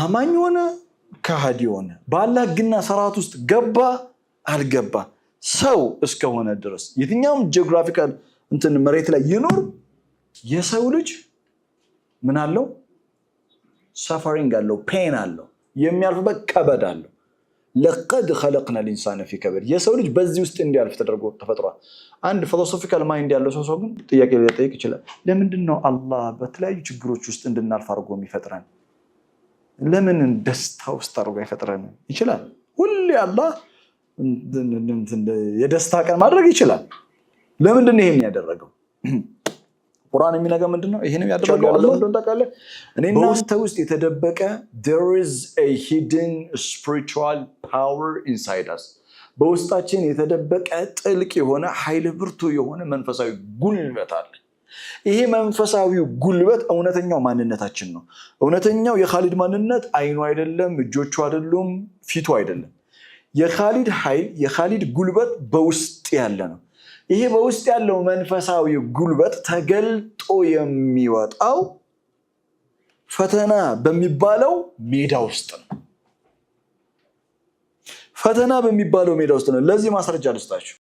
አማኝ ሆነ ከሃዲ ሆነ በአላህ ሕግና ስርዓት ውስጥ ገባ አልገባ ሰው እስከሆነ ድረስ የትኛውም ጂኦግራፊካል እንትን መሬት ላይ ይኖር የሰው ልጅ ምን አለው? ሰፈሪንግ አለው፣ ፔን አለው፣ የሚያልፍበት ቀበድ አለው። ለቀድ ከለቅና ልኢንሳን ፊ ከበድ የሰው ልጅ በዚህ ውስጥ እንዲያልፍ ተደርጎ ተፈጥሯል። አንድ ፊሎሶፊካል ማይንድ ያለው ሰው ሰው ግን ጥያቄ ሊጠይቅ ይችላል። ለምንድን ነው አላህ በተለያዩ ችግሮች ውስጥ እንድናልፍ አድርጎ የሚፈጥረን? ለምን ደስታ ውስጥ አድርጎ አይፈጥረን ይችላል። ሁሌ አላህ የደስታ ቀን ማድረግ ይችላል። ለምንድን ይሄ የሚያደረገው? ቁርአን የሚነገር ምንድን ነው? ይሄንም ያደረገው አለ እንደሆነ እኔና ውስጥ ውስጥ የተደበቀ there is a hidden spiritual power inside us በውስጣችን የተደበቀ ጥልቅ የሆነ ኃይል ብርቱ የሆነ መንፈሳዊ ጉልበት አለ። ይሄ መንፈሳዊው ጉልበት እውነተኛው ማንነታችን ነው። እውነተኛው የካሊድ ማንነት አይኑ አይደለም፣ እጆቹ አይደሉም፣ ፊቱ አይደለም። የካሊድ ኃይል የካሊድ ጉልበት በውስጥ ያለ ነው። ይሄ በውስጥ ያለው መንፈሳዊ ጉልበት ተገልጦ የሚወጣው ፈተና በሚባለው ሜዳ ውስጥ ነው። ፈተና በሚባለው ሜዳ ውስጥ ነው። ለዚህ ማስረጃ ልስጣችሁ።